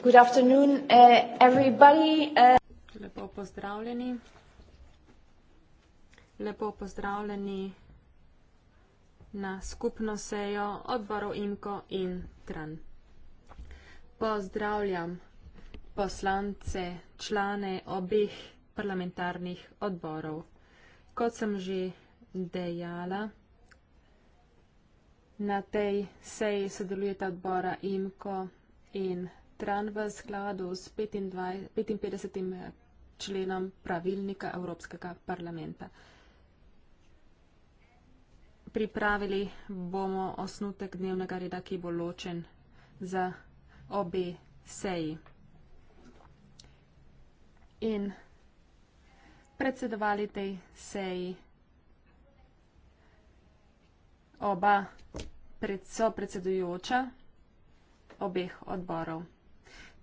Good afternoon, uh, everybody. Uh... Lepo pozdravljeni. Lepo pozdravljeni na skupno sejo odborov IMKO in TRAN. Pozdravljam poslance, člane obeh parlamentarnih odborov. Kot sem že dejala, na tej seji sodelujeta odbora IMKO in TRAN tran v skladu s 55. Eh, členom pravilnika Evropskega parlamenta. Pripravili bomo osnutek dnevnega reda, ki bo ločen za obe seji. In predsedovali tej seji oba predsopredsedujoča obeh odborov.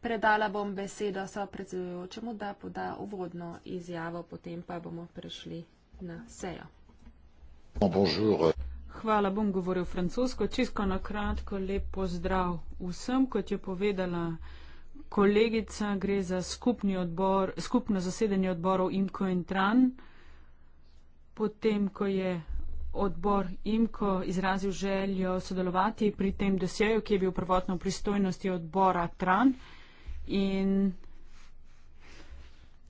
Predala bom besedo so predsedujočemu, da poda uvodno izjavo, potem pa bomo prešli na sejo. Oh, bonjour. Hvala, bom govoril francosko. Čisto na kratko, lep pozdrav vsem. Kot je povedala kolegica, gre za skupni odbor, skupno zasedanje odborov IMKO in TRAN. Potem, ko je odbor IMKO izrazil željo sodelovati pri tem dosjeju, ki je bil prvotno v pristojnosti odbora TRAN, In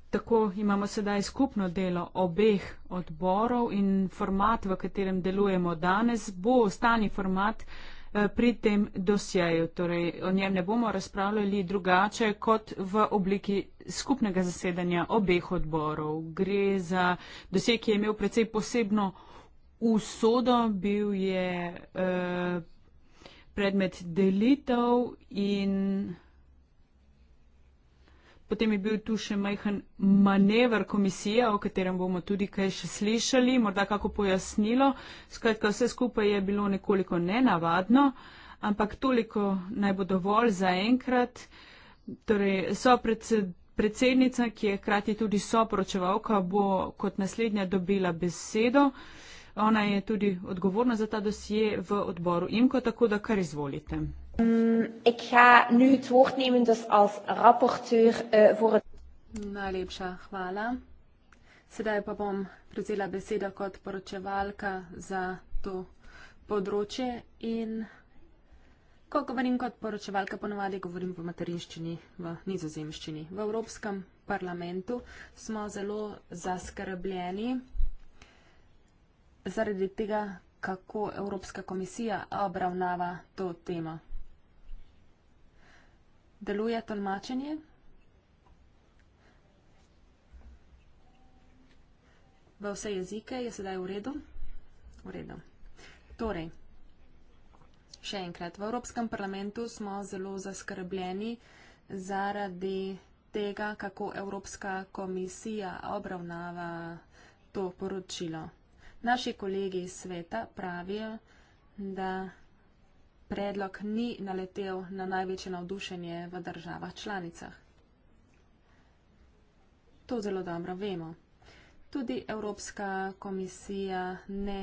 tako imamo sedaj skupno delo obeh odborov in format, v katerem delujemo danes, bo ostani format eh, pri tem dosjeju. Torej, o njem ne bomo razpravljali drugače kot v obliki skupnega zasedanja obeh odborov. Gre za dosje, ki je imel precej posebno usodo, bil je eh, predmet delitev in. Potem je bil tu še majhen manever komisije, o katerem bomo tudi kaj še slišali, morda kako pojasnilo. Skratka, vse skupaj je bilo nekoliko nenavadno, ampak toliko naj bo dovolj za enkrat. Torej, so predsed, predsednica, ki je hkrati tudi soporočevalka, bo kot naslednja dobila besedo. Ona je tudi odgovorna za ta dosje v odboru IMKO, tako da kar izvolite. Ehm, ik ga nu het woord nemen dus als rapporteur uh, voor het... Najlepša hvala. Sedaj pa bom prevzela besedo kot poročevalka za to področje in ko govorim kot poročevalka, ponovadi govorim po materinščini v nizozemščini. V Evropskem parlamentu smo zelo zaskrbljeni zaradi tega, kako Evropska komisija obravnava to temo deluje tolmačenje. V vse jezike je sedaj v redu. V redu. Torej, še enkrat, v Evropskem parlamentu smo zelo zaskrbljeni zaradi tega, kako Evropska komisija obravnava to poročilo. Naši kolegi iz sveta pravijo, da predlog ni naletel na največje navdušenje v državah članicah. To zelo dobro vemo. Tudi Evropska komisija ne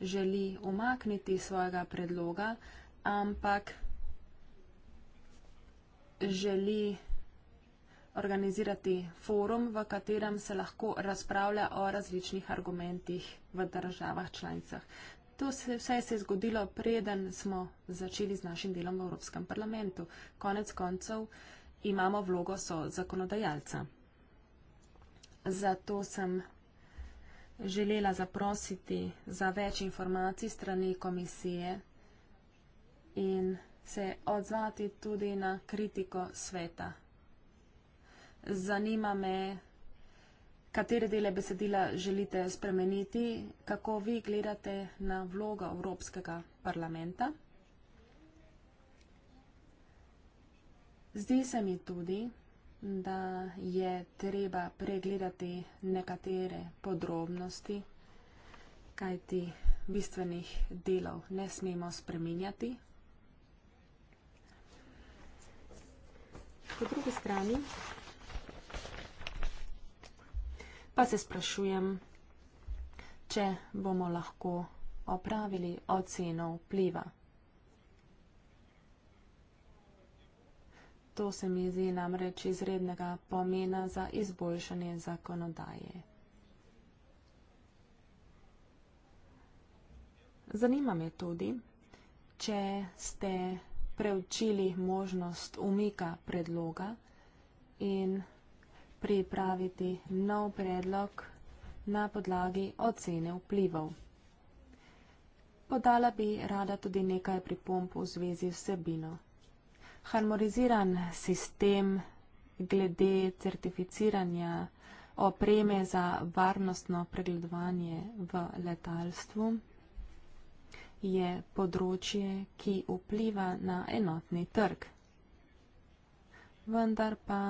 želi umakniti svojega predloga, ampak želi organizirati forum, v katerem se lahko razpravlja o različnih argumentih v državah članicah. To se, vse se je zgodilo, preden smo začeli z našim delom v Evropskem parlamentu. Konec koncev imamo vlogo so zakonodajalca. Zato sem želela zaprositi za več informacij strani komisije in se odzvati tudi na kritiko sveta. Zanima me, Katere dele besedila želite spremeniti? Kako vi gledate na vlogo Evropskega parlamenta? Zdi se mi tudi, da je treba pregledati nekatere podrobnosti, kajti bistvenih delov ne smemo spreminjati. Po drugi strani pa se sprašujem, če bomo lahko opravili oceno vpliva. To se mi zdi namreč izrednega pomena za izboljšanje zakonodaje. Zanima me tudi, če ste preučili možnost umika predloga in pripraviti nov predlog na podlagi ocene vplivov. Podala bi rada tudi nekaj pripomp v zvezi s sebino. Harmoniziran sistem glede certificiranja opreme za varnostno pregledovanje v letalstvu je področje, ki vpliva na enotni trg. Vendar pa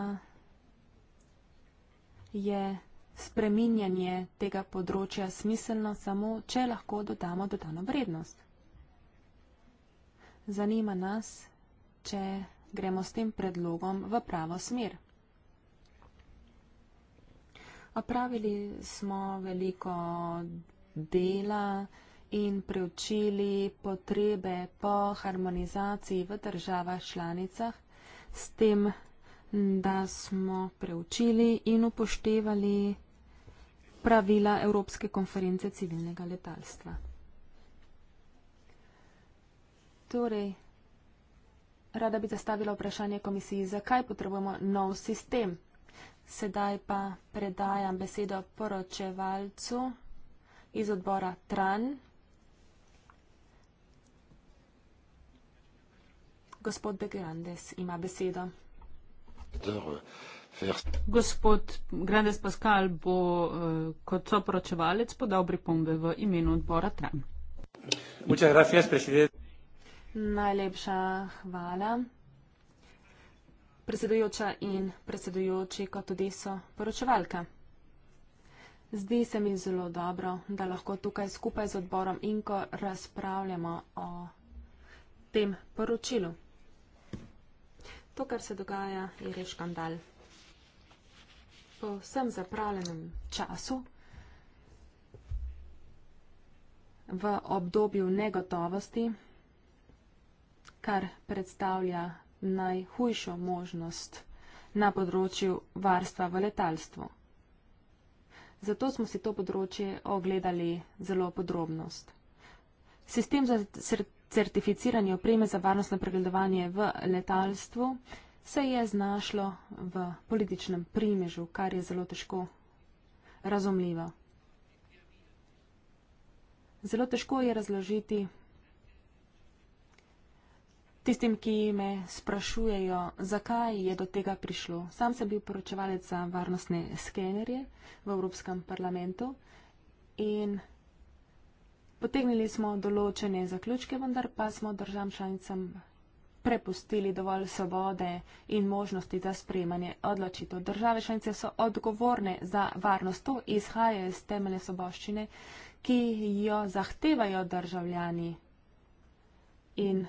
je spreminjanje tega področja smiselno samo, če lahko dodamo dodano vrednost. Zanima nas, če gremo s tem predlogom v pravo smer. Opravili smo veliko dela in preučili potrebe po harmonizaciji v državah članicah, s tem da smo preučili in upoštevali pravila Evropske konference civilnega letalstva. Torej, rada bi zastavila vprašanje komisiji, zakaj potrebujemo nov sistem. Sedaj pa predajam besedo poročevalcu iz odbora TRAN, gospod De Grandes ima besedo. Euh, Gospod Grandes Pascal bo eh, kot soporočevalec podal pripombe v imenu odbora TRAM. Najlepša hvala. Predsedujoča in predsedujoči, kot tudi so poročevalka. Zdi se mi zelo dobro, da lahko tukaj skupaj z odborom Inko razpravljamo o tem poročilu. To, kar se dogaja, je res škandal. Po vsem zapravljenem času, v obdobju negotovosti, kar predstavlja najhujšo možnost na področju varstva v letalstvu. Zato smo si to področje ogledali zelo podrobnost. Sistem za certificirani opreme za varnostno pregledovanje v letalstvu, se je znašlo v političnem primežu, kar je zelo težko razumljivo. Zelo težko je razložiti tistim, ki me sprašujejo, zakaj je do tega prišlo. Sam sem bil poročevalec za varnostne skenerje v Evropskem parlamentu in Potegnili smo določene zaključke, vendar pa smo državam članicam prepustili dovolj svobode in možnosti za sprejemanje odločitev. Države članice so odgovorne za varnost. To izhaja iz temelje soboščine, ki jo zahtevajo državljani in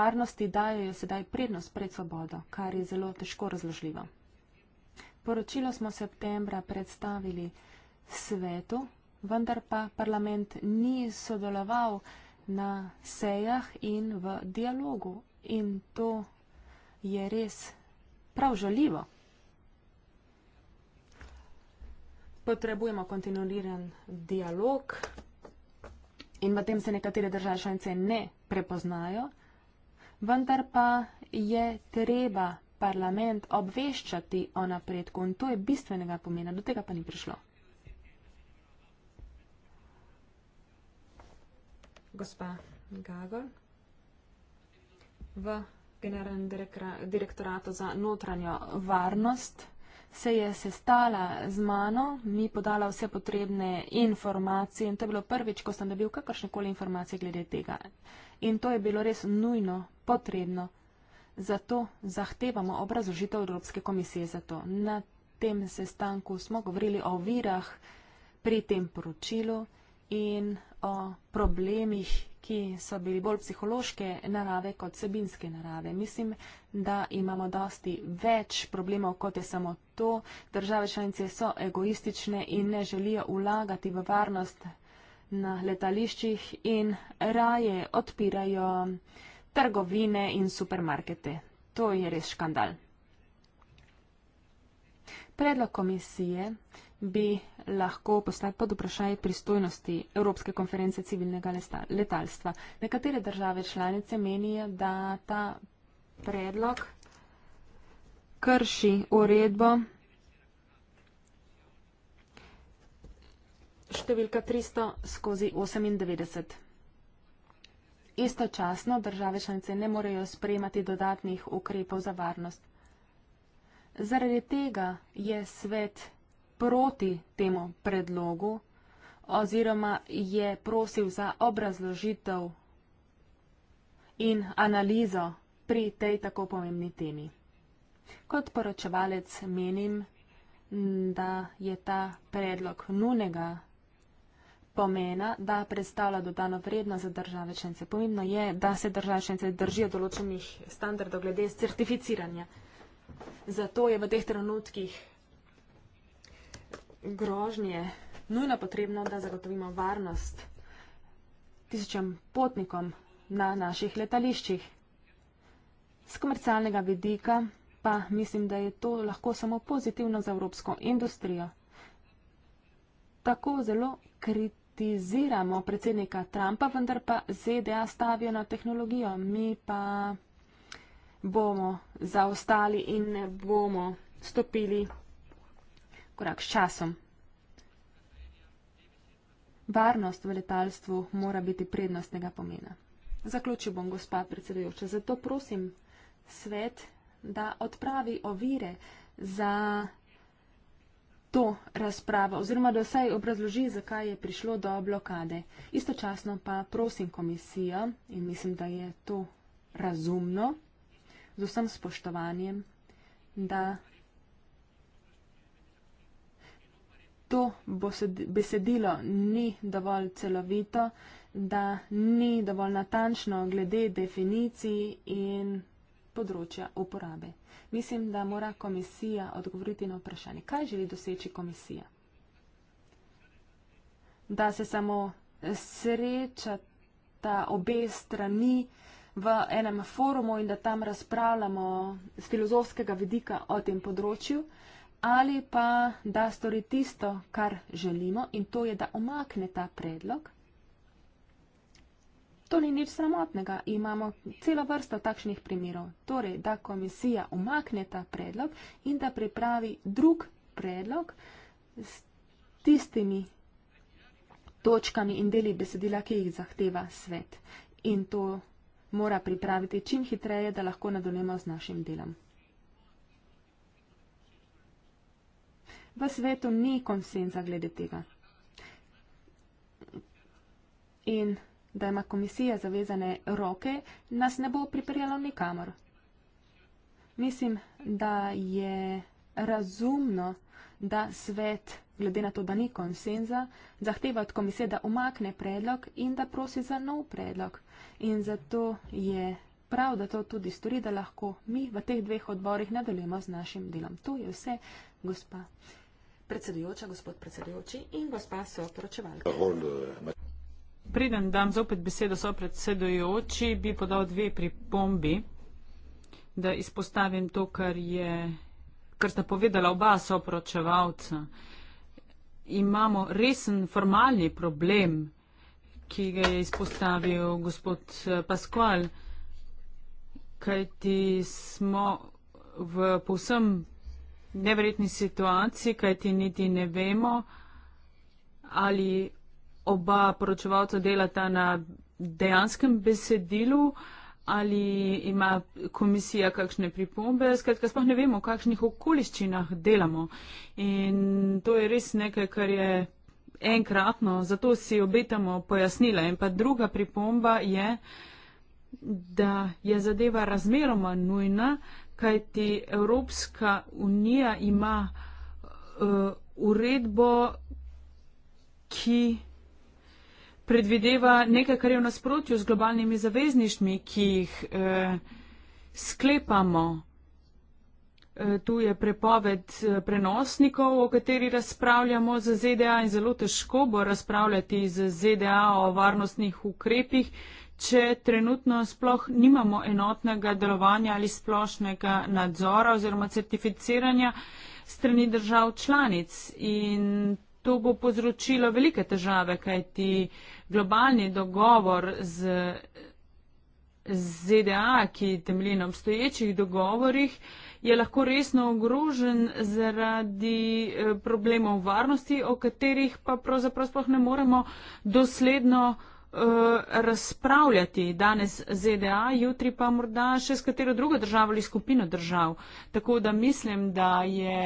varnosti dajo sedaj prednost pred svobodo, kar je zelo težko razložljivo. Poročilo smo septembra predstavili svetu vendar pa parlament ni sodeloval na sejah in v dialogu. In to je res prav žaljivo. Potrebujemo kontinuiran dialog in v tem se nekatere države članice ne prepoznajo, vendar pa je treba parlament obveščati o napredku in to je bistvenega pomena. Do tega pa ni prišlo. gospa Gagor v Generalnem direktoratu za notranjo varnost se je sestala z mano, mi podala vse potrebne informacije in to je bilo prvič, ko sem dobil kakršnekoli informacije glede tega. In to je bilo res nujno potrebno. Zato zahtevamo obrazložitev Evropske komisije za to. Na tem sestanku smo govorili o virah pri tem poročilu in o problemih, ki so bili bolj psihološke narave kot sebinske narave. Mislim, da imamo dosti več problemov kot je samo to. Države članice so egoistične in ne želijo ulagati v varnost na letališčih in raje odpirajo trgovine in supermarkete. To je res škandal. Predlog komisije bi lahko postal pod vprašaj pristojnosti Evropske konference civilnega letalstva. Nekatere države članice menijo, da ta predlog krši uredbo številka 300 skozi 98. Istočasno države članice ne morejo sprejemati dodatnih ukrepov za varnost. Zaradi tega je svet proti temu predlogu oziroma je prosil za obrazložitev in analizo pri tej tako pomembni temi. Kot poročevalec menim, da je ta predlog nunega pomena, da predstavlja dodano vrednost za države članice. Pomembno je, da se države članice držijo določenih standardov glede certificiranja. Zato je v teh trenutkih grožnje nujno potrebno, da zagotovimo varnost tisočem potnikom na naših letališčih. Z komercialnega vidika pa mislim, da je to lahko samo pozitivno za evropsko industrijo. Tako zelo kritiziramo predsednika Trumpa, vendar pa ZDA stavijo na tehnologijo. Mi pa bomo zaostali in ne bomo stopili korak s časom. Varnost v letalstvu mora biti prednostnega pomena. Zaključil bom, gospa predsedujoča, zato prosim svet, da odpravi ovire za to razpravo oziroma da vsaj obrazloži, zakaj je prišlo do blokade. Istočasno pa prosim komisijo in mislim, da je to razumno, z vsem spoštovanjem, da. to besedilo ni dovolj celovito, da ni dovolj natančno glede definicij in področja uporabe. Mislim, da mora komisija odgovoriti na vprašanje, kaj želi doseči komisija. Da se samo sreča ta obe strani v enem forumu in da tam razpravljamo z filozofskega vidika o tem področju ali pa da stori tisto, kar želimo in to je, da omakne ta predlog, to ni nič sramotnega. Imamo celo vrsto takšnih primerov. Torej, da komisija omakne ta predlog in da pripravi drug predlog s tistimi točkami in deli besedila, ki jih zahteva svet. In to mora pripraviti čim hitreje, da lahko nadaljujemo z našim delom. v svetu ni konsenza glede tega. In da ima komisija zavezane roke, nas ne bo pripeljalo nikamor. Mislim, da je razumno, da svet, glede na to, da ni konsenza, zahteva od komisije, da umakne predlog in da prosi za nov predlog. In zato je prav, da to tudi stori, da lahko mi v teh dveh odborih nadaljujemo z našim delom. To je vse, gospa predsedujoča, gospod predsedujoči in gospa soporočevalka. Preden dam zopet besedo sopredsedujoči, bi podal dve pripombi, da izpostavim to, kar, je, kar sta povedala oba soporočevalca. Imamo resen formalni problem, ki ga je izpostavil gospod eh, Paskval, kajti smo v povsem nevredni situaciji, kajti niti ne vemo, ali oba poročevalca delata na dejanskem besedilu ali ima komisija kakšne pripombe. Skratka, sploh ne vemo, v kakšnih okoliščinah delamo. In to je res nekaj, kar je enkratno, zato si obetamo pojasnila. In pa druga pripomba je, da je zadeva razmeroma nujna, kajti Evropska unija ima uh, uredbo, ki predvideva nekaj, kar je v nasprotju z globalnimi zavezništmi, ki jih uh, sklepamo. Eh, tu je prepoved prenosnikov, o kateri razpravljamo z ZDA in zelo težko bo razpravljati z ZDA o varnostnih ukrepih, če trenutno sploh nimamo enotnega delovanja ali splošnega nadzora oziroma certificiranja strani držav članic. In to bo povzročilo velike težave, kajti globalni dogovor z ZDA, ki temelji na obstoječih dogovorih, je lahko resno ogrožen zaradi eh, problemov varnosti, o katerih pa pravzaprav sploh ne moremo dosledno Eh, razpravljati danes ZDA, jutri pa morda še s katero drugo državo ali skupino držav. Tako da mislim, da je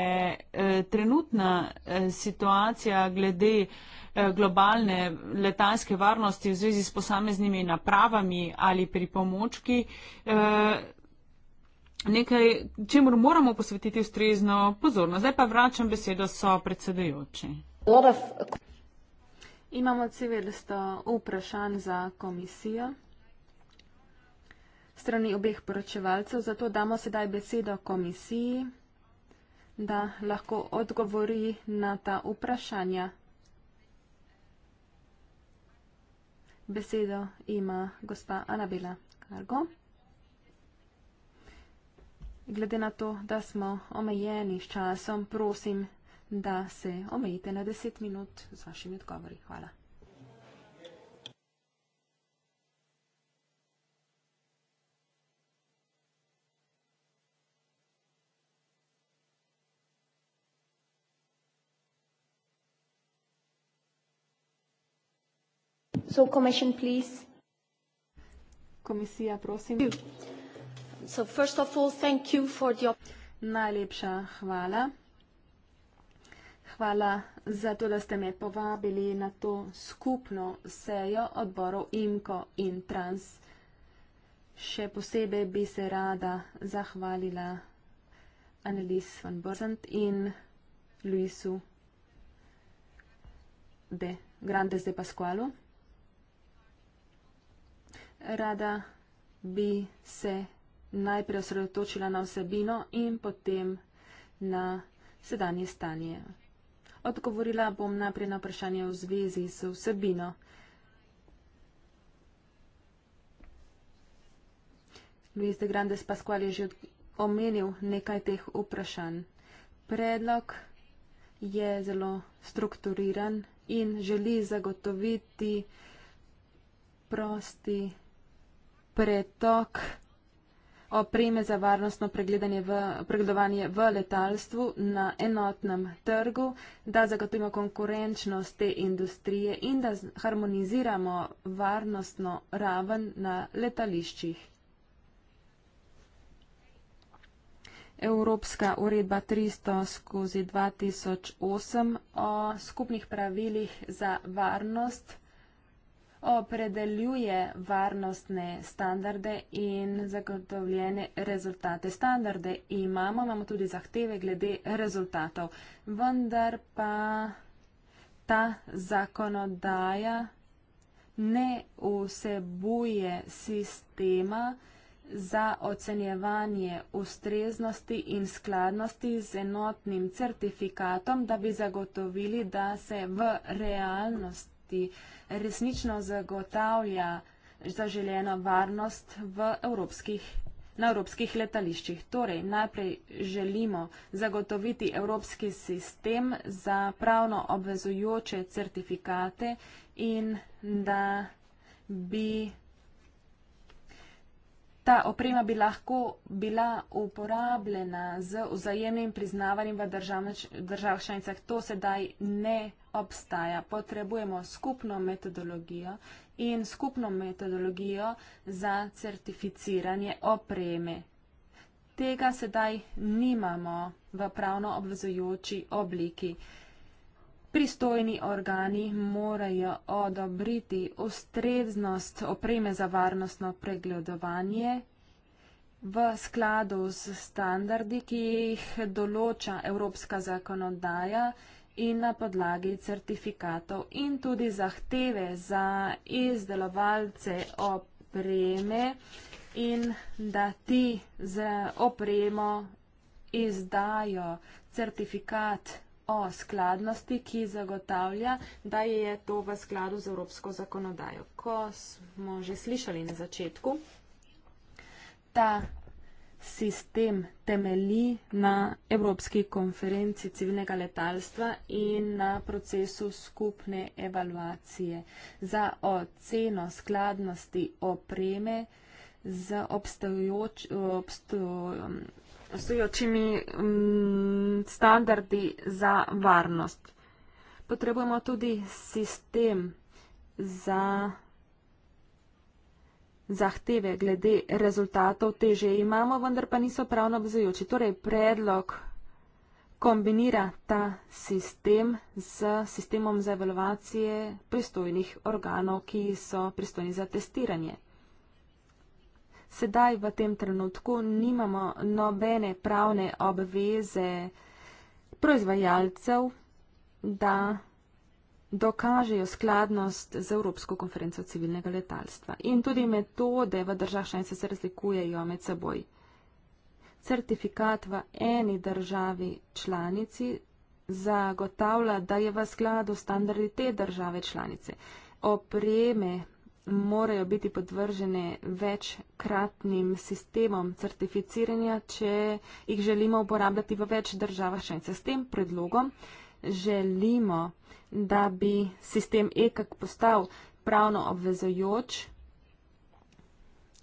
eh, trenutna eh, situacija glede globalne letalske varnosti v zvezi s posameznimi napravami ali pri pomočki nekaj, čemu moramo posvetiti ustrezno pozornost. Zdaj pa vračam besedo so predsedujoči. Imamo civilisto eh, vprašanj za komisijo strani obeh poročevalcev, zato damo sedaj besedo komisiji, da lahko odgovori na ta vprašanja. Besedo ima gospa Anabela Kargo. Glede na to, da smo omejeni s časom, prosim, da se omejite na 10 minut z vašimi odgovori. Hvala. So, Commission, please. Komisija, prosim. So, first of all, thank you for the... Najlepša hvala. Hvala za to, da ste me povabili na to skupno sejo odborov IMKO in Trans. Še posebej bi se rada zahvalila Annelies van Borzant in Luisu de Grandes de Pasqualu. Rada bi se najprej osredotočila na vsebino in potem na sedanje stanje Odgovorila bom najprej na vprašanje v zvezi z vsebino. Luis de Grandes Pasquale je že omenil nekaj teh vprašanj. Predlog je zelo strukturiran in želi zagotoviti prosti pretok opreme za varnostno v, pregledovanje v letalstvu na enotnem trgu, da zagotovimo konkurenčnost te industrije in da harmoniziramo varnostno raven na letališčih. Evropska uredba 300 skozi 2008 o skupnih pravilih za varnost opredeljuje varnostne standarde in zagotovljene rezultate. Standarde imamo, imamo tudi zahteve glede rezultatov, vendar pa ta zakonodaja ne vsebuje sistema za ocenjevanje ustreznosti in skladnosti z enotnim certifikatom, da bi zagotovili, da se v realnosti hkrati resnično zagotavlja zaželjeno varnost v evropskih, na evropskih letališčih. Torej, najprej želimo zagotoviti evropski sistem za pravno obvezujoče certifikate in da bi Ta oprema bi lahko bila uporabljena z vzajemnim priznavanjem v državah članicah. To sedaj ne obstaja. Potrebujemo skupno metodologijo in skupno metodologijo za certificiranje opreme. Tega sedaj nimamo v pravno obvezujoči obliki. Pristojni organi morajo odobriti ustreznost opreme za varnostno pregledovanje v skladu z standardi, ki jih določa evropska zakonodaja in na podlagi certifikatov in tudi zahteve za izdelovalce opreme in da ti z opremo izdajo certifikat o skladnosti, ki zagotavlja, da je to v skladu z evropsko zakonodajo. Ko smo že slišali na začetku, ta sistem temeli na Evropski konferenci civilnega letalstva in na procesu skupne evaluacije za oceno skladnosti opreme z obstojoč, obstoj, obstoječimi mm, standardi za varnost. Potrebujemo tudi sistem za zahteve glede rezultatov, te že imamo, vendar pa niso pravno obzajoči. Torej, predlog kombinira ta sistem z sistemom za evaluacije pristojnih organov, ki so pristojni za testiranje sedaj v tem trenutku nimamo nobene pravne obveze proizvajalcev, da dokažejo skladnost z Evropsko konferenco civilnega letalstva. In tudi metode v državah članice se razlikujejo med seboj. Certifikat v eni državi članici zagotavlja, da je v skladu standardi te države članice. Opreme morajo biti podvržene večkratnim sistemom certificiranja, če jih želimo uporabljati v več državah članice. S tem predlogom želimo, da bi sistem EKAK postal pravno obvezojoč,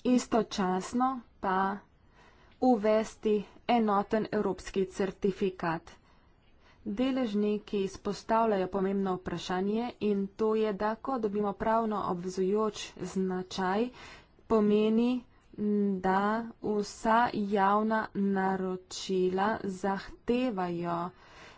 istočasno pa uvesti enoten evropski certifikat. Deležniki izpostavljajo pomembno vprašanje in to je, da ko dobimo pravno obvezujoč značaj, pomeni, da vsa javna naročila zahtevajo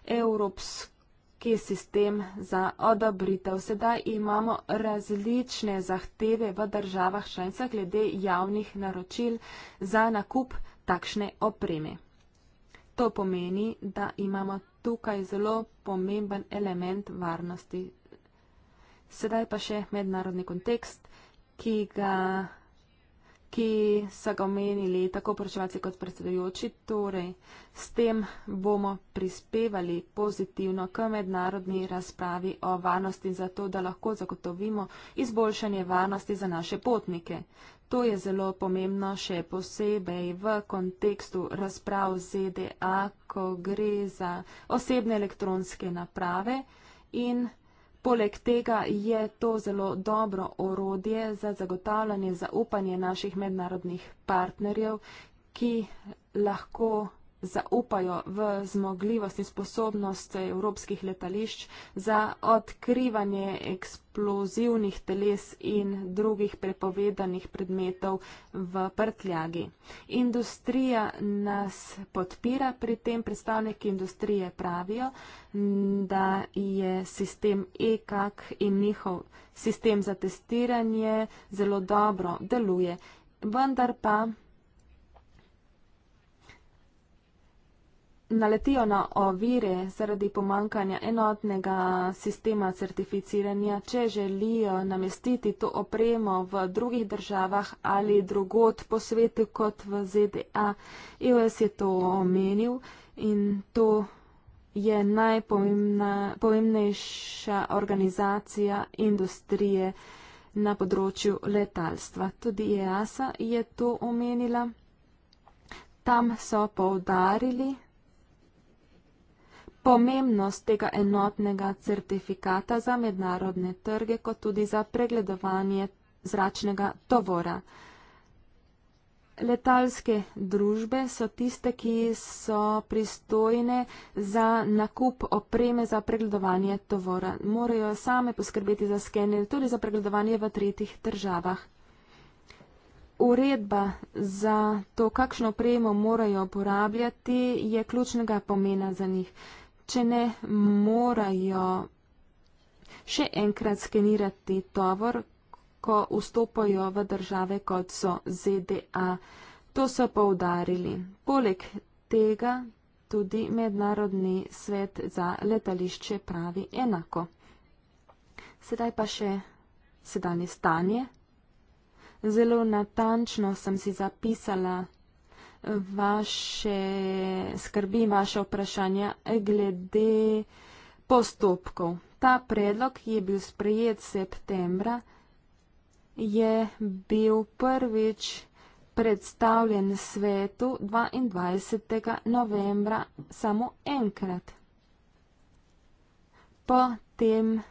evropski sistem za odobritev. Sedaj imamo različne zahteve v državah članicah glede javnih naročil za nakup takšne opreme. To pomeni, da imamo tukaj zelo pomemben element varnosti. Sedaj pa še mednarodni kontekst, ki, ga, ki so ga omenili tako poročevalci kot predsedujoči. Torej, s tem bomo prispevali pozitivno k mednarodni razpravi o varnosti, zato da lahko zagotovimo izboljšanje varnosti za naše potnike. To je zelo pomembno še posebej v kontekstu razprav ZDA, ko gre za osebne elektronske naprave in poleg tega je to zelo dobro orodje za zagotavljanje zaupanja naših mednarodnih partnerjev, ki lahko zaupajo v zmogljivost in sposobnost evropskih letališč za odkrivanje eksplozivnih teles in drugih prepovedanih predmetov v prtljagi. Industrija nas podpira, pri tem predstavniki industrije pravijo, da je sistem EKAK in njihov sistem za testiranje zelo dobro deluje. Vendar pa naletijo na ovire zaradi pomankanja enotnega sistema certificiranja, če želijo namestiti to opremo v drugih državah ali drugot po svetu kot v ZDA. EOS je to omenil in to je najpomembnejša organizacija industrije na področju letalstva. Tudi EASA je to omenila. Tam so poudarili, pomembnost tega enotnega certifikata za mednarodne trge, kot tudi za pregledovanje zračnega tovora. Letalske družbe so tiste, ki so pristojne za nakup opreme za pregledovanje tovora. Morajo same poskrbeti za skener, tudi za pregledovanje v tretjih državah. Uredba za to, kakšno opremo morajo uporabljati, je ključnega pomena za njih če ne morajo še enkrat skenirati tovor, ko vstopajo v države, kot so ZDA. To so poudarili. Poleg tega tudi Mednarodni svet za letališče pravi enako. Sedaj pa še sedanje stanje. Zelo natančno sem si zapisala vaše skrbi in vaše vprašanja glede postopkov. Ta predlog je bil sprejet septembra, je bil prvič predstavljen svetu 22. novembra samo enkrat. Potem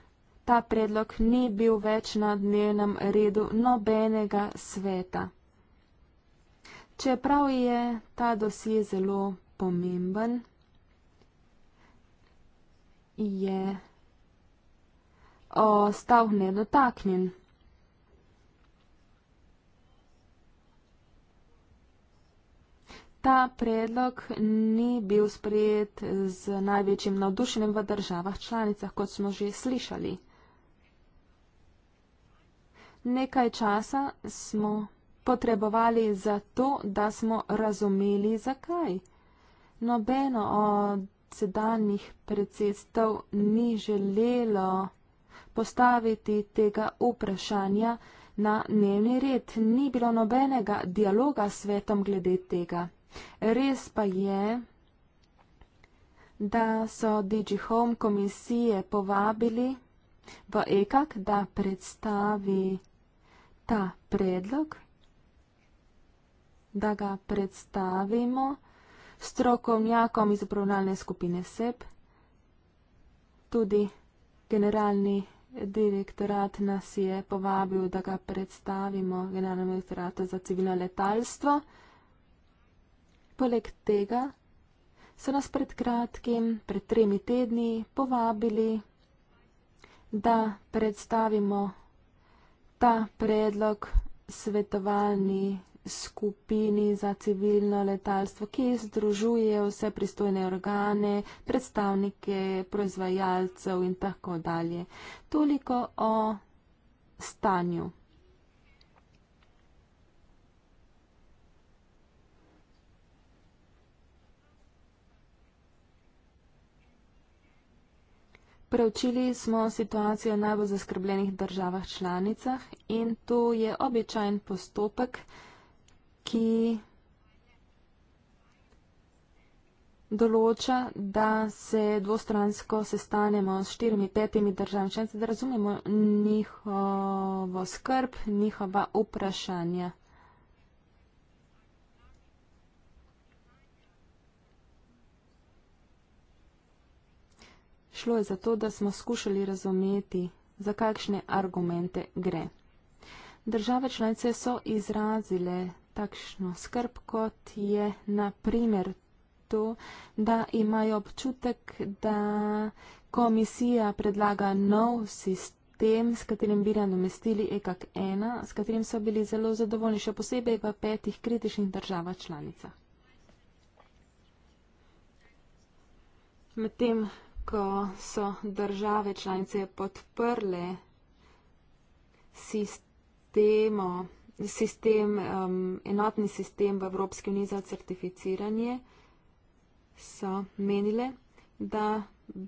ta predlog ni bil več na dnevnem redu nobenega sveta čeprav je ta dosje zelo pomemben, je ostal nedotaknjen. Ta predlog ni bil sprejet z največjim navdušenjem v državah članicah, kot smo že slišali. Nekaj časa smo potrebovali za to, da smo razumeli, zakaj. Nobeno od sedanjih predsedstv ni želelo postaviti tega vprašanja na dnevni red. Ni bilo nobenega dialoga s svetom glede tega. Res pa je, da so DigiHome komisije povabili v EKAK, da predstavi ta predlog da ga predstavimo strokovnjakom iz upravljalne skupine SEP, tudi generalni direktorat nas je povabil, da ga predstavimo generalnemu direktoratu za civilno letalstvo. Poleg tega so nas pred kratkim, pred tremi tedni, povabili, da predstavimo ta predlog svetovalni skupini za civilno letalstvo, ki združuje vse pristojne organe, predstavnike, proizvajalcev in tako dalje. Toliko o stanju. Preučili smo situacijo v najbolj zaskrbljenih državah članicah in to je običajen postopek, ki določa, da se dvostransko sestanemo s štirimi, petimi državami članice, da razumemo njihovo skrb, njihova vprašanja. Šlo je za to, da smo skušali razumeti, za kakšne argumente gre. Države članice so izrazile takšno skrb, kot je na primer to, da imajo občutek, da komisija predlaga nov sistem. Tem, s katerim bi nadomestili EKAK-1, s katerim so bili zelo zadovoljni, še posebej v petih kritičnih državah članicah. Medtem, ko so države članice podprle sistemo sistem, um, enotni sistem v Evropski uniji za certificiranje, so menile, da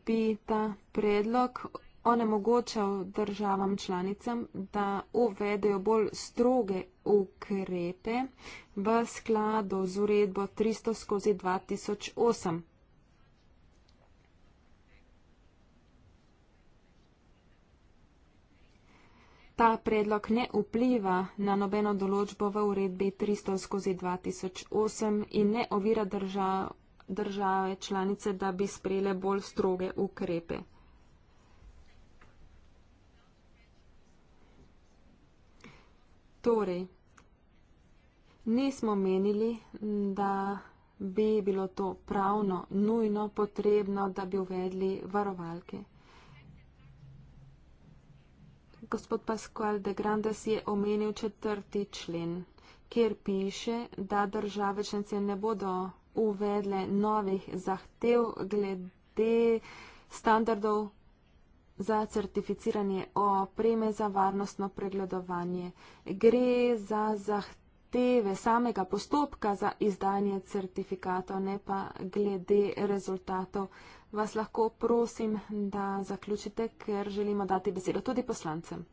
bi ta predlog onemogočal državam članicam, da uvedejo bolj stroge ukrepe v skladu z uredbo 300 skozi 2008. ta predlog ne vpliva na nobeno določbo v uredbi 300 skozi 2008 in ne ovira držav, države članice, da bi sprejele bolj stroge ukrepe. Torej, nismo menili, da bi bilo to pravno nujno potrebno, da bi uvedli varovalke gospod Pascual de Grandes je omenil četrti člen, kjer piše, da države članice ne bodo uvedle novih zahtev glede standardov za certificiranje opreme za varnostno pregledovanje. Gre za zahteve samega postopka za izdanje certifikatov, ne pa glede rezultatov vas lahko prosim, da zaključite, ker želimo dati besedo tudi poslancem.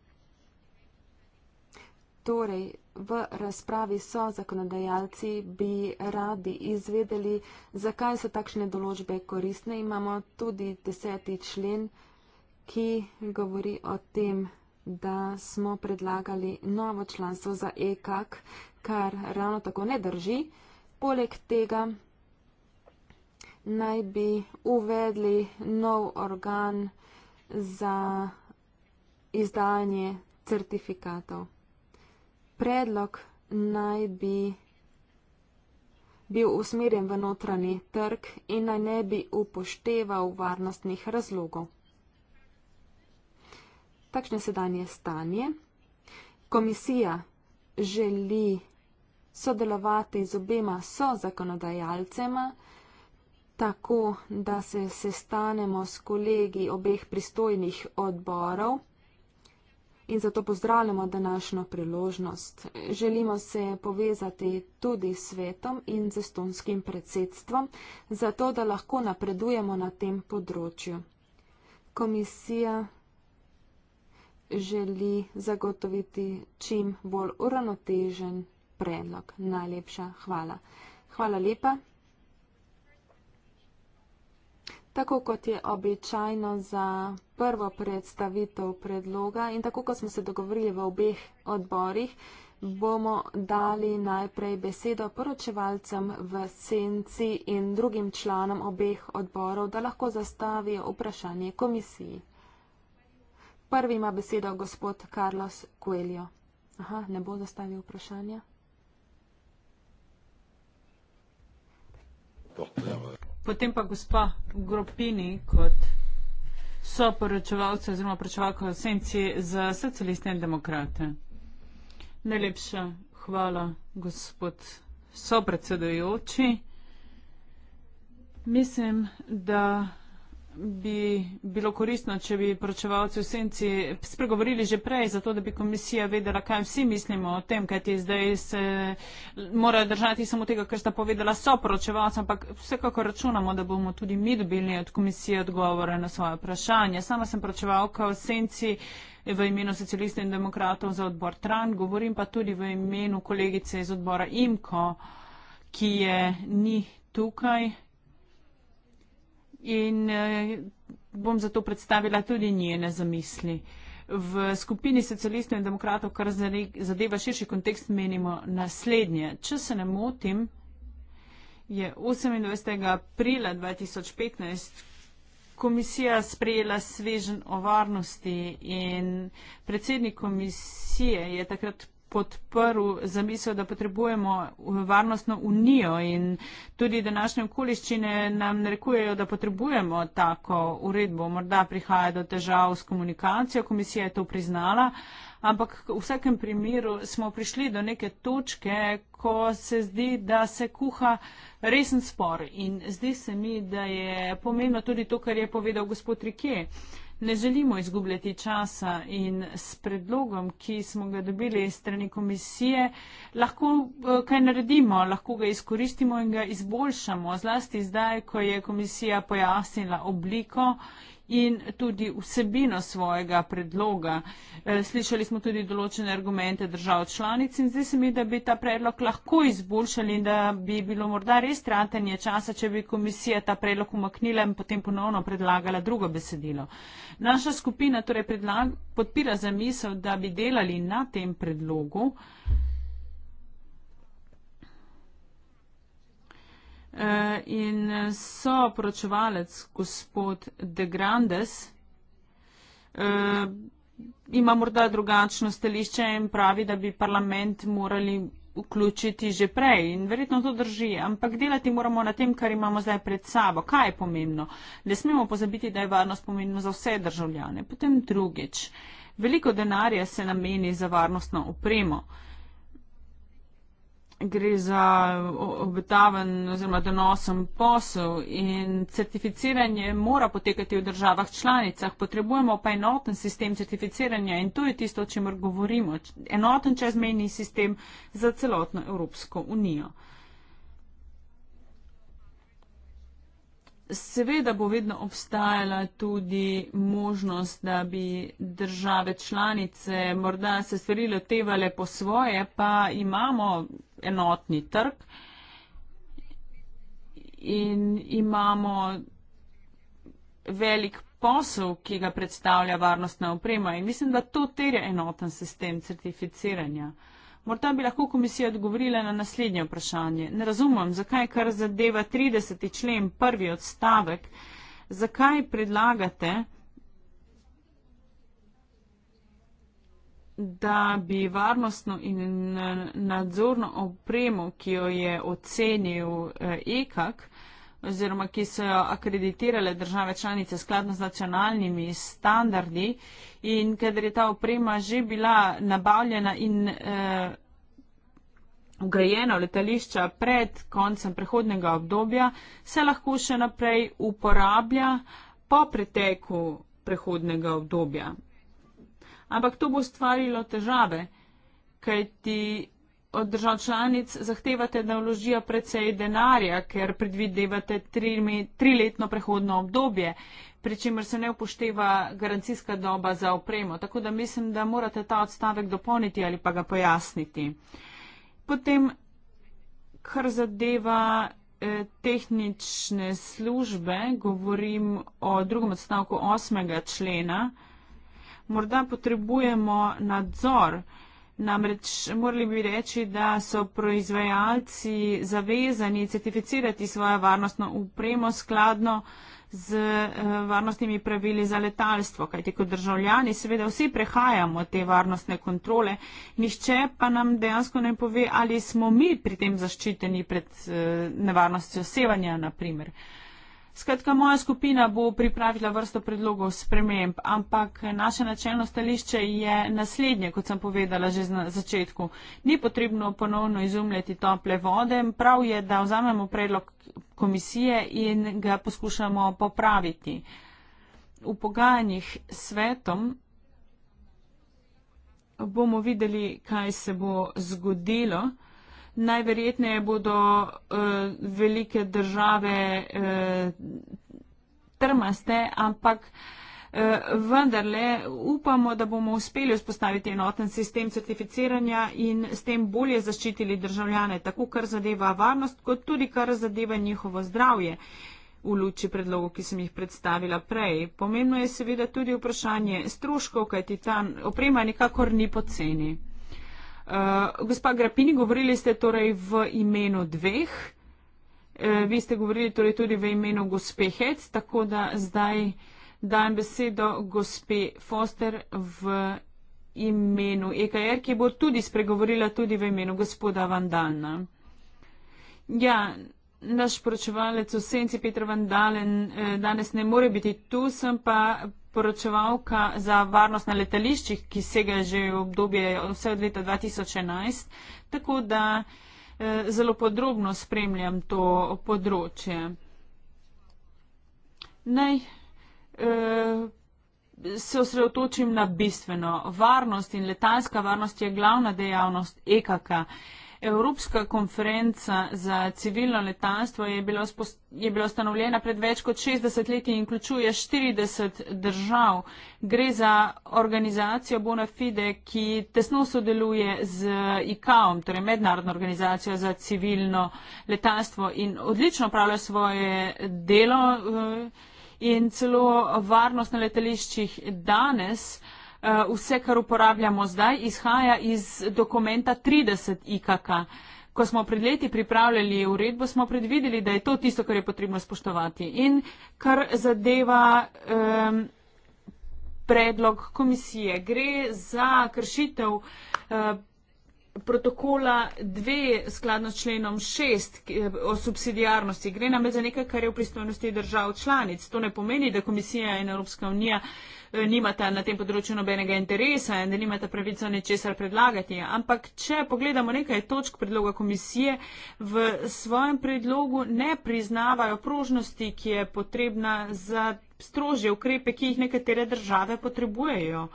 Torej, v razpravi so zakonodajalci, bi radi izvedeli, zakaj so takšne določbe koristne. Imamo tudi deseti člen, ki govori o tem, da smo predlagali novo članstvo za EKAK, kar ravno tako ne drži. Poleg tega naj bi uvedli nov organ za izdajanje certifikatov. Predlog naj bi bil usmerjen v notranji trg in naj ne bi upošteval varnostnih razlogov. Takšne sedanje stanje. Komisija želi sodelovati z obema sozakonodajalcema, tako, da se sestanemo s kolegi obeh pristojnih odborov in zato pozdravljamo današnjo priložnost. Želimo se povezati tudi s svetom in z estonskim predsedstvom, zato da lahko napredujemo na tem področju. Komisija želi zagotoviti čim bolj uravnotežen predlog. Najlepša hvala. Hvala lepa. Tako kot je običajno za prvo predstavitev predloga in tako kot smo se dogovorili v obeh odborih, bomo dali najprej besedo poročevalcem v senci in drugim članom obeh odborov, da lahko zastavijo vprašanje komisiji. Prvi ima besedo gospod Carlos Coelho. Aha, ne bo zastavil vprašanja. Oh, yeah. Potem pa gospa Gropini kot soporočevalca oziroma poročevalka v senci za socialiste in demokrate. Najlepša hvala, gospod sopredsedujoči. Mislim, da bi bilo koristno, če bi pročevalci v senci spregovorili že prej, zato da bi komisija vedela, kaj vsi mislimo o tem, kaj ti zdaj se morajo držati samo tega, kar sta povedala so pročevalci, ampak vsekako računamo, da bomo tudi mi dobili od komisije odgovore na svoje vprašanje. Sama sem pročevalka v senci v imenu socialistov in demokratov za odbor Tran, govorim pa tudi v imenu kolegice iz odbora Imko, ki je ni tukaj, in eh, bom zato predstavila tudi njene zamisli. V skupini socialistov in demokratov, kar zadeva širši kontekst, menimo naslednje. Če se ne motim, je 28. aprila 2015 komisija sprejela svežen o varnosti in predsednik komisije je takrat podprl zamisel, da potrebujemo varnostno unijo in tudi današnje okoliščine nam narekujejo, da potrebujemo tako uredbo. Morda prihaja do težav s komunikacijo, komisija je to priznala, ampak v vsakem primeru smo prišli do neke točke, ko se zdi, da se kuha resen spor in zdi se mi, da je pomembno tudi to, kar je povedal gospod Rike ne želimo izgubljati časa in s predlogom, ki smo ga dobili strani komisije, lahko eh, kaj naredimo, lahko ga izkoristimo in ga izboljšamo. Zlasti zdaj, ko je komisija pojasnila obliko in tudi vsebino svojega predloga. E, slišali smo tudi določene argumente držav članic in zdi se mi, da bi ta predlog lahko izboljšali in da bi bilo morda res tratenje časa, če bi komisija ta predlog umaknila in potem ponovno predlagala drugo besedilo. Naša skupina torej predlag, podpira zamisel, da bi delali na tem predlogu. in eh, so poročevalec gospod De Grandes eh, ima morda drugačno stališče in pravi, da bi parlament morali vključiti že prej in verjetno to drži, ampak delati moramo na tem, kar imamo zdaj pred sabo. Kaj je pomembno? Ne smemo pozabiti, da je varnost pomembna za vse državljane. Potem drugič. Veliko denarja se nameni za varnostno opremo gre za obetaven oziroma donosen posel in certificiranje mora potekati v državah članicah, potrebujemo pa enoten sistem certificiranja in to je tisto, o čemer govorimo. Enoten čezmejni sistem za celotno Evropsko unijo. Seveda bo vedno obstajala tudi možnost, da bi države članice morda se stvari lotevale po svoje, pa imamo enotni trg in imamo velik posel, ki ga predstavlja varnostna oprema in mislim, da to terja enoten sistem certificiranja. Morda bi lahko komisija odgovorila na naslednje vprašanje. Ne razumem, zakaj kar zadeva 30. člen, prvi odstavek, zakaj predlagate, da bi varnostno in nadzorno opremo, ki jo je ocenil eh, EKAK, eh, oziroma ki so jo akreditirale države članice skladno z nacionalnimi standardi in kadar je ta oprema že bila nabavljena in eh, ugrajena v letališča pred koncem prehodnega obdobja, se lahko še naprej uporablja po preteku prehodnega obdobja. Ampak to bo stvarilo težave, kajti od držav članic zahtevate, da vložijo precej denarja, ker predvidevate triletno tri prehodno obdobje, pri čemer se ne upošteva garancijska doba za opremo. Tako da mislim, da morate ta odstavek dopolniti ali pa ga pojasniti. Potem, kar zadeva eh, tehnične službe, govorim o drugem odstavku 8. člena, morda potrebujemo nadzor, Namreč morali bi reči, da so proizvajalci zavezani certificirati svojo varnostno upremo skladno z eh, varnostnimi pravili za letalstvo, kajti kot državljani seveda vsi prehajamo te varnostne kontrole, nišče pa nam dejansko ne pove, ali smo mi pri tem zaščiteni pred eh, nevarnostjo sevanja, naprimer. Skratka, moja skupina bo pripravila vrsto predlogov sprememb, ampak naše načelno stališče je naslednje, kot sem povedala že na začetku. Ni potrebno ponovno izumljati tople vode, prav je, da vzamemo predlog komisije in ga poskušamo popraviti. V pogajanjih s svetom bomo videli, kaj se bo zgodilo najverjetneje bodo uh, velike države uh, trmaste, ampak uh, vendarle upamo, da bomo uspeli vzpostaviti enoten sistem certificiranja in s tem bolje zaščitili državljane, tako kar zadeva varnost, kot tudi kar zadeva njihovo zdravje v luči predlogov, ki sem jih predstavila prej. Pomembno je seveda tudi vprašanje stroškov, kajti ta oprema nikakor ni poceni. Eh, gospa Grapini, govorili ste torej v imenu dveh. Eh, vi ste govorili torej tudi v imenu gospehec, tako da zdaj dajem besedo gospe Foster v imenu EKR, ki bo tudi spregovorila tudi v imenu gospoda Vandalna. Ja, naš poročevalec v senci Petr Vandalen eh, danes ne more biti tu, sem pa poročevalka za varnost na letališčih, ki sega že v obdobje vse od leta 2011, tako da eh, zelo podrobno spremljam to področje. Naj eh, se osredotočim na bistveno. Varnost in letalska varnost je glavna dejavnost EKK. Evropska konferenca za civilno letalstvo je bila, je bila ustanovljena pred več kot 60 leti in vključuje 40 držav. Gre za organizacijo Bonafide, ki tesno sodeluje z ICAO, torej mednarodno organizacijo za civilno letalstvo in odlično pravlja svoje delo eh, in celo varnost na letališčih danes. Uh, Eh, vse, kar uporabljamo zdaj, izhaja iz dokumenta 30 IKK. Ko smo pred leti pripravljali uredbo, smo predvideli, da je to tisto, kar je potrebno spoštovati. In kar zadeva um, predlog komisije, gre za kršitev uh, protokola 2 skladno s členom 6 eh, o subsidijarnosti. Gre namreč za nekaj, kar je v pristojnosti držav članic. To ne pomeni, da komisija in Evropska unija eh, nimata na tem področju nobenega interesa in da nimata pravico nečesar predlagati. Ampak, če pogledamo nekaj točk predloga komisije, v svojem predlogu ne priznavajo prožnosti, ki je potrebna za strožje ukrepe, ki jih nekatere države potrebujejo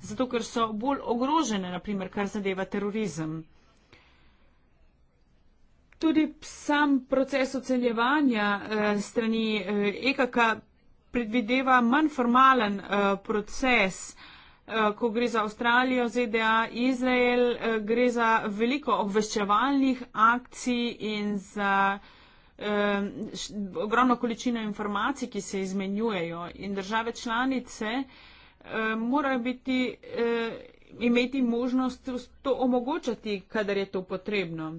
zato ker so bolj ogrožene, naprimer, kar zadeva terorizem. Tudi sam proces oceljevanja eh, strani eh, EKK predvideva manj formalen eh, proces, eh, ko gre za Avstralijo, ZDA, Izrael, eh, gre za veliko obveščevalnih akcij in za eh, ogromno količino informacij, ki se izmenjujejo. In države članice eh, Eh, morajo biti, eh, imeti možnost to omogočati, kadar je to potrebno.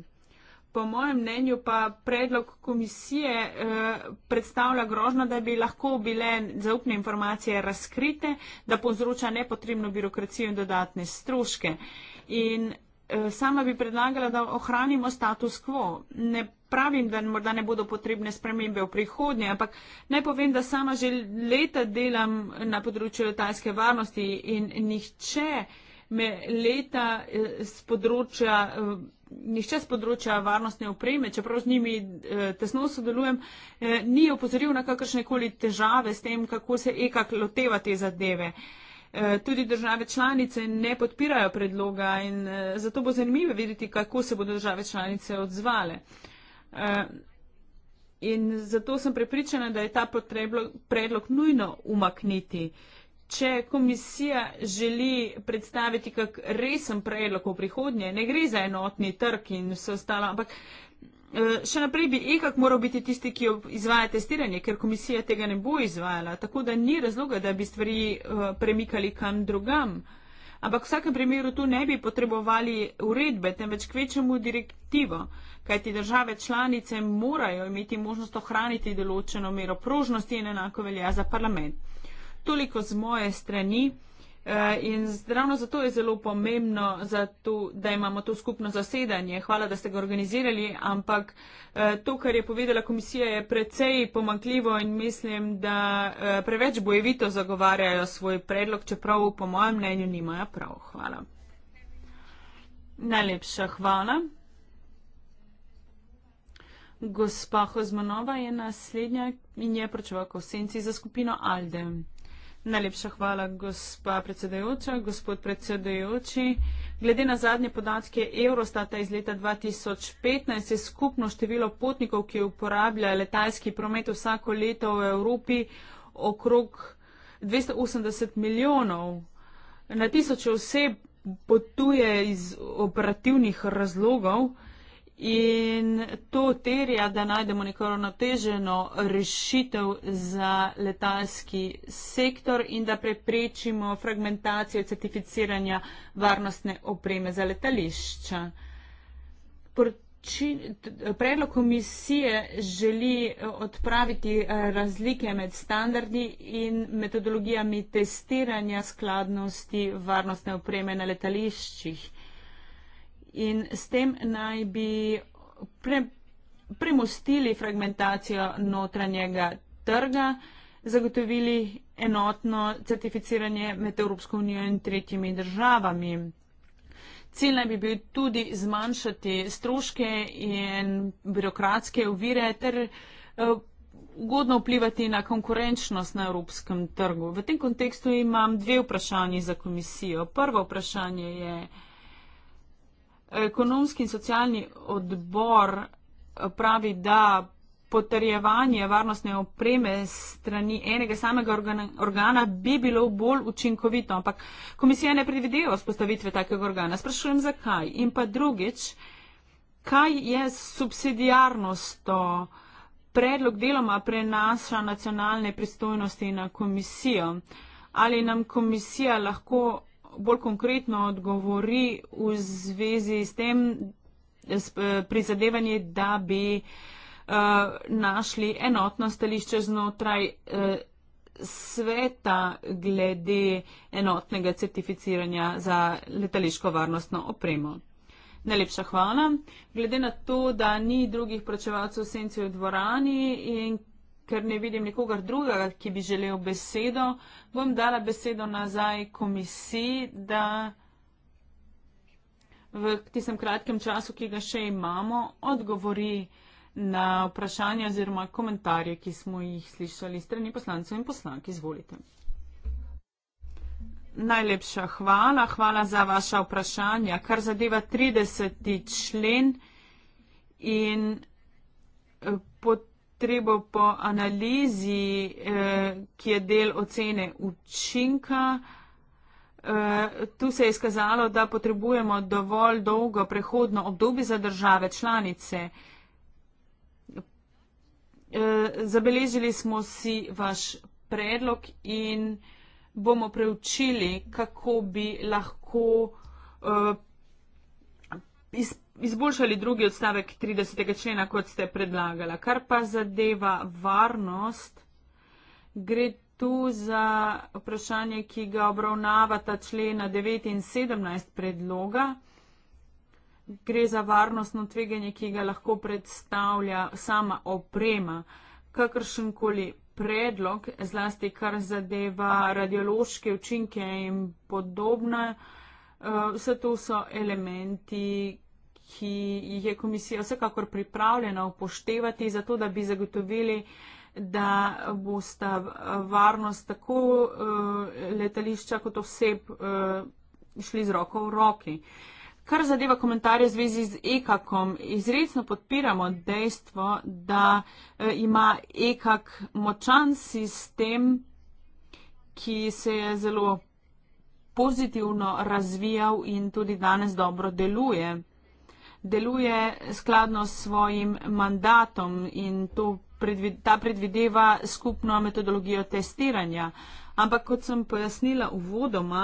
Po mojem mnenju pa predlog komisije eh, predstavlja grožno, da bi lahko bile zaupne informacije razkrite, da povzroča nepotrebno birokracijo in dodatne stroške. In Sama bi predlagala, da ohranimo status quo. Ne pravim, da morda ne bodo potrebne spremembe v prihodnje, ampak naj povem, da sama že leta delam na področju letalske varnosti in nihče me leta z eh, področja. Eh, nihče z področja varnostne opreme, čeprav z njimi eh, tesno sodelujem, ni opozoril na kakršne koli težave s tem, kako se EKAK loteva te zadeve. Tudi države članice ne podpirajo predloga in zato bo zanimivo videti, kako se bodo države članice odzvale. Eh, in zato sem prepričana, da je ta predlog nujno umakniti. Če komisija želi predstaviti kak resen predlog v prihodnje, ne gre za enotni trg in vse ostalo, ampak eh, še naprej bi ekak moral biti tisti, ki izvaja testiranje, ker komisija tega ne bo izvajala. Tako da ni razloga, da bi stvari eh, premikali kam drugam. Uh, ampak v vsakem primeru tu ne bi potrebovali uredbe, temveč kvečemu direktivo, kajti države članice morajo imeti možnost ohraniti določeno mero prožnosti in enako velja za parlament. Toliko z moje strani. Eh, in ravno zato je zelo pomembno, zato, da imamo to skupno zasedanje. Hvala, da ste ga organizirali, ampak eh, to, kar je povedala komisija, je precej pomakljivo in mislim, da eh, preveč bojevito zagovarjajo svoj predlog, čeprav po mojem mnenju nimajo prav. Hvala. Najlepša hvala. Gospa Hozmanova je naslednja in je pročevalka v senci za skupino Aldem. Najlepša hvala, gospa predsedajoča. Gospod predsedajoči, glede na zadnje podatke Eurostata iz leta 2015 je skupno število potnikov, ki uporablja letalski promet vsako leto v Evropi, okrog 280 milijonov. Na tisoče oseb potuje iz operativnih razlogov. In to terja, da najdemo neko ravnoteženo rešitev za letalski sektor in da preprečimo fragmentacijo certificiranja varnostne opreme za letališča. Predlog komisije želi odpraviti eh, razlike med standardi in metodologijami testiranja skladnosti varnostne opreme na letališčih in s tem naj bi pre, premustili fragmentacijo notranjega trga, zagotovili enotno certificiranje med Evropsko unijo in tretjimi državami. Cilj naj bi bil tudi zmanjšati stroške in birokratske ovire ter eh, ugodno vplivati na konkurenčnost na evropskem trgu. V tem kontekstu imam dve vprašanje za komisijo. Prvo vprašanje je, Ekonomski in socialni odbor eh, pravi, da potrjevanje varnostne opreme strani enega samega organa, organa bi bilo bolj učinkovito, ampak komisija ne predvideva vzpostavitve takega organa. Sprašujem, zakaj? In pa drugič, kaj je s subsidijarnostjo? Predlog deloma prenaša nacionalne pristojnosti na komisijo. Ali nam komisija lahko bolj konkretno odgovori v zvezi s tem eh, prizadevanje, da bi eh, našli enotno stališče znotraj eh, sveta glede enotnega certificiranja za letališko varnostno opremo. Najlepša hvala. Glede na to, da ni drugih pročevalcev v senci v dvorani in ker ne vidim nikogar drugega, ki bi želel besedo, bom dala besedo nazaj komisiji, da v tistem kratkem času, ki ga še imamo, odgovori na vprašanja oziroma komentarje, ki smo jih slišali strani poslancev in poslank. Izvolite. Najlepša hvala. Hvala za vaša vprašanja. Kar zadeva 30. člen in eh, pot treba po analizi, eh, ki je del ocene učinka, eh, tu se je izkazalo, da potrebujemo dovolj dolgo prehodno obdobje za države članice. Eh, zabeležili smo si vaš predlog in bomo preučili, kako bi lahko iz, izboljšali drugi odstavek 30. člena, kot ste predlagali. Kar pa zadeva varnost, gre tu za vprašanje, ki ga obravnavata člena 9 in 17 predloga. Gre za varnostno tveganje, ki ga lahko predstavlja sama oprema. Kakršenkoli predlog, zlasti kar zadeva radiološke učinke in podobno. Eh, vse to so elementi, ki jih je komisija vsekakor pripravljena upoštevati, zato da bi zagotovili, da bosta varnost tako eh, letališča kot oseb eh, šli z roko v roki. Kar zadeva komentarje v zvezi z EKAKom, izredno podpiramo dejstvo, da ima EKAK močan sistem, ki se je zelo pozitivno razvijal in tudi danes dobro deluje. Deluje skladno s svojim mandatom in to predvid ta predvideva skupno metodologijo testiranja. Ampak kot sem pojasnila uvodoma,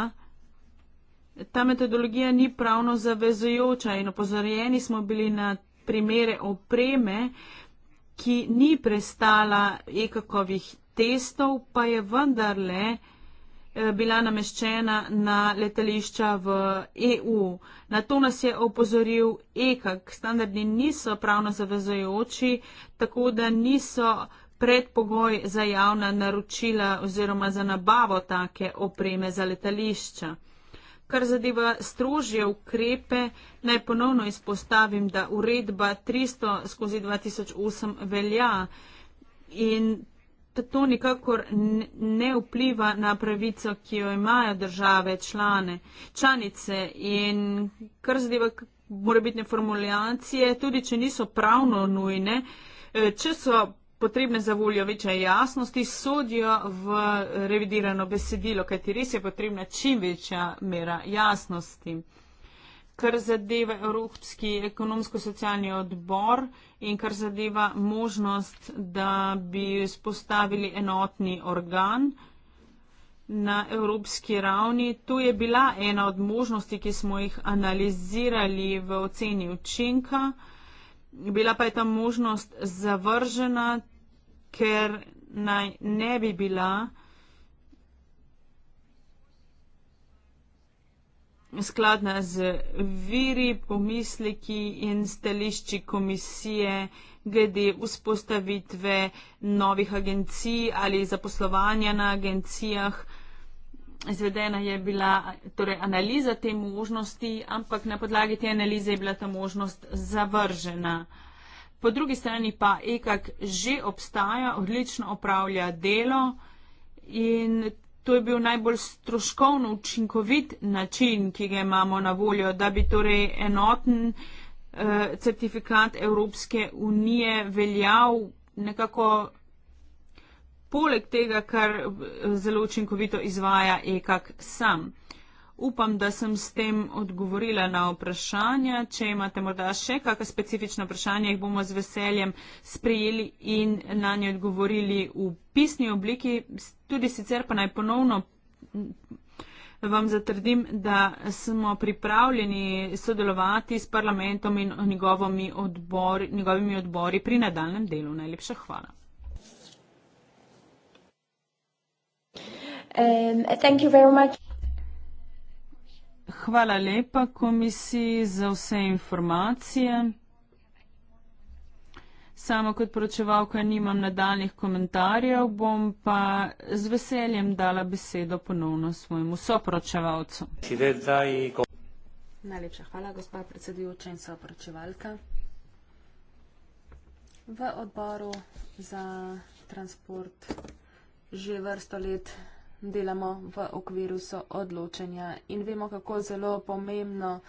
ta metodologija ni pravno zavezujoča in opozorjeni smo bili na primere opreme, ki ni prestala ekakovih testov, pa je vendarle Eh, bila nameščena na letališča v EU. Na to nas je opozoril EKAK. Standardi niso pravno zavezojoči, tako da niso predpogoj za javna naročila oziroma za nabavo take opreme za letališča. Kar zadeva strožje ukrepe, naj ponovno izpostavim, da uredba 300 skozi 2008 velja in to nikakor ne vpliva na pravico, ki jo imajo države člane, članice in kar zadeva morebitne formulacije, tudi če niso pravno nujne, e, če so potrebne za voljo večje jasnosti, sodijo v revidirano besedilo, kajti res je potrebna čim večja mera jasnosti. Kar zadeva Evropski ekonomsko-socialni odbor, in kar zadeva možnost, da bi vzpostavili enotni organ na evropski ravni. To je bila ena od možnosti, ki smo jih analizirali v oceni učinka. Bila pa je ta možnost zavržena, ker naj ne bi bila skladna z viri, pomisleki in stališči komisije glede vzpostavitve novih agencij ali zaposlovanja na agencijah. Izvedena je bila torej, analiza te možnosti, ampak na podlagi te analize je bila ta možnost zavržena. Po drugi strani pa EKAK že obstaja, odlično opravlja delo in to je bil najbolj stroškovno učinkovit način, ki ga imamo na voljo, da bi torej enoten eh, certifikat Evropske unije veljal nekako poleg tega, kar eh, zelo učinkovito izvaja EKAK sam. Upam, da sem s tem odgovorila na vprašanja. Če imate morda še kakšne specifične vprašanja, jih bomo z veseljem sprejeli in na nje odgovorili v pisni obliki. Tudi sicer pa naj ponovno vam zatrdim, da smo pripravljeni sodelovati s parlamentom in njegovimi odbori, njegovimi odbori pri nadaljem delu. Najlepša hvala. Um, thank you very much. Hvala lepa komisiji za vse informacije. Samo kot poročevalka nimam nadaljnih komentarjev, bom pa z veseljem dala besedo ponovno svojemu soporočevalcu. Najlepša hvala, gospod predsedujoča in soporočevalka. V odboru za transport že vrsto let delamo v okviru soodločanja in vemo, kako zelo pomembno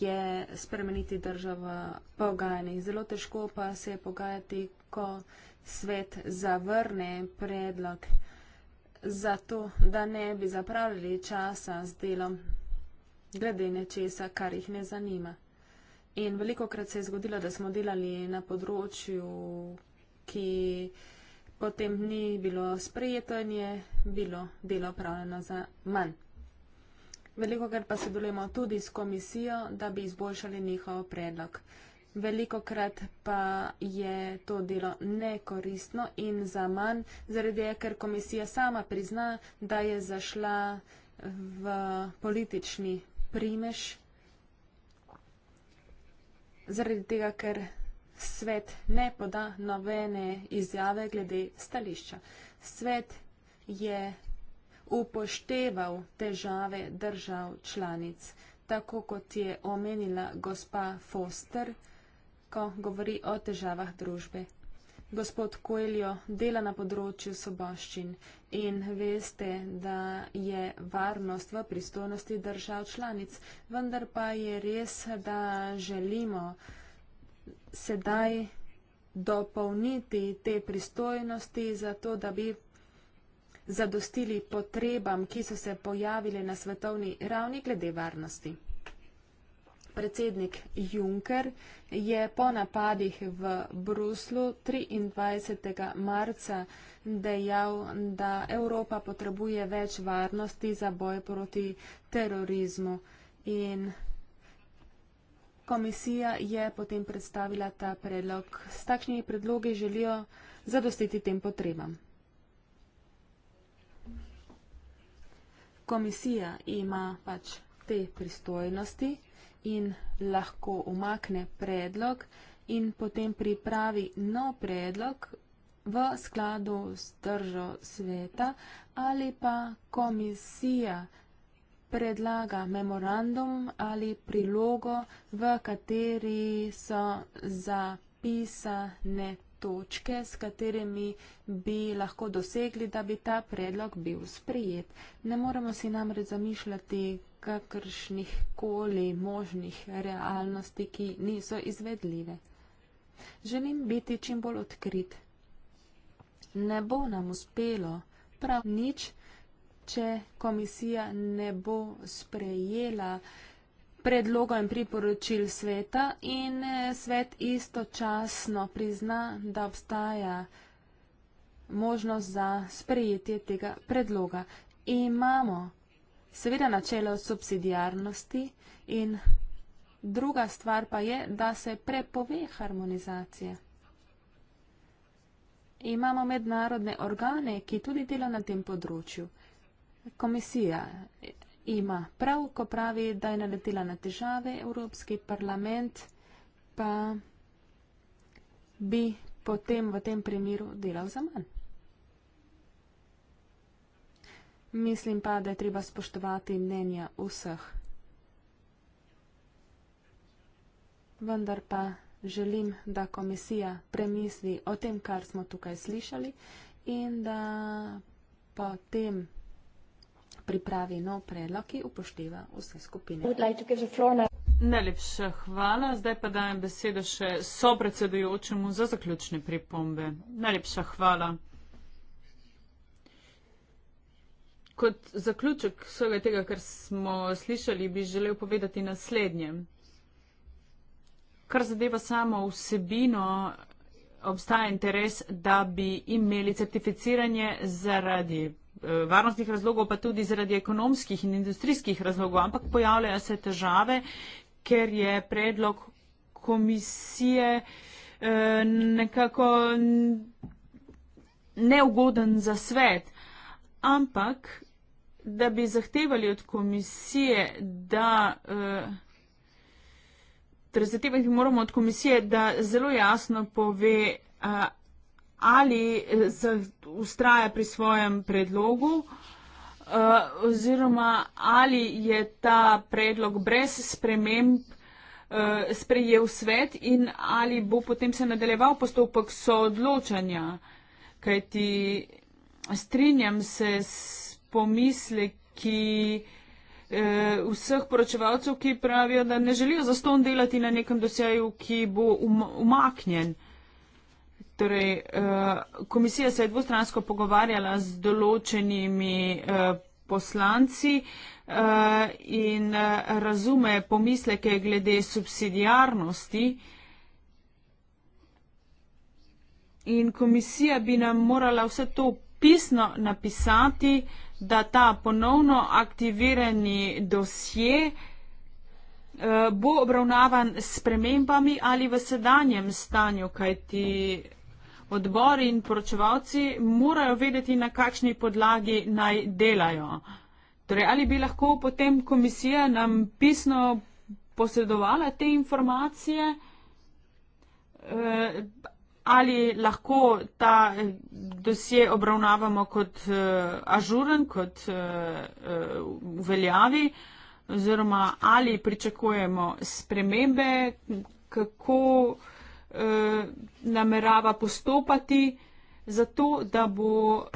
je spremeniti državo pogajanje. Zelo težko pa se je pogajati, ko svet zavrne predlog za to, da ne bi zapravili časa z delom glede nečesa, kar jih ne zanima. In veliko krat se je zgodilo, da smo delali na področju, ki potem ni bilo sprejeto in je bilo delo opravljeno za manj. Veliko krat pa sodelujemo tudi s komisijo, da bi izboljšali njihov predlog. Veliko krat pa je to delo nekoristno in za manj, zaradi je, ker komisija sama prizna, da je zašla v politični primež. Zaradi tega, ker svet ne poda nobene izjave glede stališča. Svet je upošteval težave držav članic, tako kot je omenila gospa Foster, ko govori o težavah družbe. Gospod Koeljo dela na področju soboščin in veste, da je varnost v pristojnosti držav članic, vendar pa je res, da želimo, da želimo, sedaj dopolniti te pristojnosti zato, da bi zadostili potrebam, ki so se pojavile na svetovni ravni glede varnosti. Predsednik Juncker je po napadih v Bruslu 23. marca dejal, da Evropa potrebuje več varnosti za boj proti terorizmu in Komisija je potem predstavila ta predlog. S takšnimi predlogi želijo zadostiti tem potrebam. Komisija ima pač te pristojnosti in lahko umakne predlog in potem pripravi nov predlog v skladu s držo sveta ali pa komisija predlaga memorandum ali prilogo, v kateri so zapisane točke, s katerimi bi lahko dosegli, da bi ta predlog bil sprijet. Ne moremo si namreč zamišljati kakršnih koli možnih realnosti, ki niso izvedljive. Želim biti čim bolj odkrit. Ne bo nam uspelo prav nič, če komisija ne bo sprejela predloga in priporočil sveta in eh, svet istočasno prizna, da obstaja možnost za sprejetje tega predloga. Imamo seveda načelo subsidijarnosti in druga stvar pa je, da se prepove harmonizacije. Imamo mednarodne organe, ki tudi delajo na tem področju. Komisija ima prav, ko pravi, da je naletela na težave, Evropski parlament pa bi potem v tem primeru delal za manj. Mislim pa, da je treba spoštovati mnenja vseh. Vendar pa želim, da komisija premisli o tem, kar smo tukaj slišali in da potem pripravi nov predlog, ki upošteva vse skupine. Najlepša hvala. Zdaj pa dajem besedo še sopredsedujočemu za zaključne pripombe. Najlepša hvala. Kot zaključek vsega tega, kar smo slišali, bi želel povedati naslednje. Kar zadeva samo vsebino, obstaja interes, da bi imeli certificiranje zaradi Eh, varnostnih razlogov, pa tudi zaradi ekonomskih in industrijskih razlogov, ampak pojavljajo se težave, ker je predlog komisije eh, nekako neugoden za svet. Ampak, da bi zahtevali od komisije, da. Eh, torej, zahtevati moramo od komisije, da zelo jasno pove, ali se eh, ustraja pri svojem predlogu, eh, oziroma ali je ta predlog brez sprememb eh, sprejel svet in ali bo potem se nadaljeval postopek soodločanja, kajti strinjam se s pomisleki vseh poročevalcev, ki pravijo, da ne želijo zaston delati na nekem dosjeju, ki bo um-, umaknjen. Torej, eh, komisija se je dvostransko pogovarjala z določenimi eh, poslanci eh, in razume pomisleke glede subsidijarnosti. In komisija bi nam morala vse to pisno napisati, da ta ponovno aktivirani dosje bo obravnavan s premembami ali v sedanjem stanju, kajti odbor in poročevalci morajo vedeti, na kakšni podlagi naj delajo. Torej, ali bi lahko potem komisija nam pisno posredovala te informacije, eh, ali lahko ta eh, dosje obravnavamo kot eh, ažuren, kot uveljavi, oziroma ali pričakujemo spremembe, kako namerava postopati, zato da bo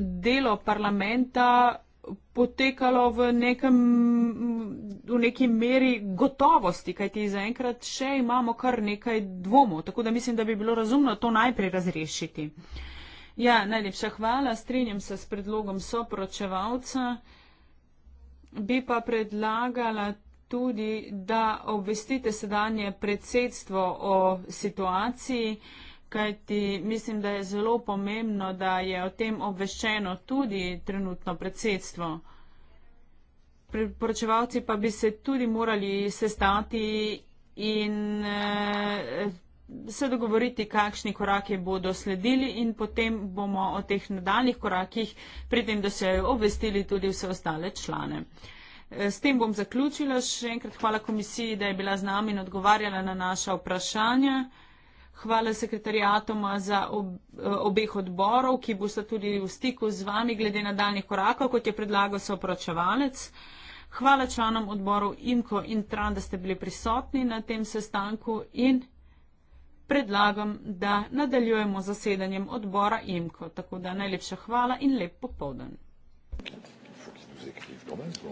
delo parlamenta potekalo v, nekem, v neki meri gotovosti, kajti zaenkrat še imamo kar nekaj dvomov, tako da mislim, da bi bilo razumno to najprej razrešiti. Ja, najlepša hvala, strinjam se s predlogom soporočevalca. Bi pa predlagala tudi, da obvestite sedanje predsedstvo o situaciji, kajti mislim, da je zelo pomembno, da je o tem obveščeno tudi trenutno predsedstvo. Priporočevalci pa bi se tudi morali sestati in eh, se dogovoriti, kakšni koraki bodo sledili in potem bomo o teh nadaljnih korakih pri tem, da se obvestili tudi vse ostale člane. Eh, s tem bom zaključila. Še enkrat hvala komisiji, da je bila z nami in odgovarjala na naša vprašanja. Hvala sekretarijatoma za ob, eh, obeh odborov, ki boste tudi v stiku z vami glede nadaljnih korakov, kot je predlagal soopračevalec. Hvala članom odborov Inko in Tran, da ste bili prisotni na tem sestanku in predlagam, da nadaljujemo z zasedanjem odbora Inko. Tako da najlepša hvala in lep popovdan.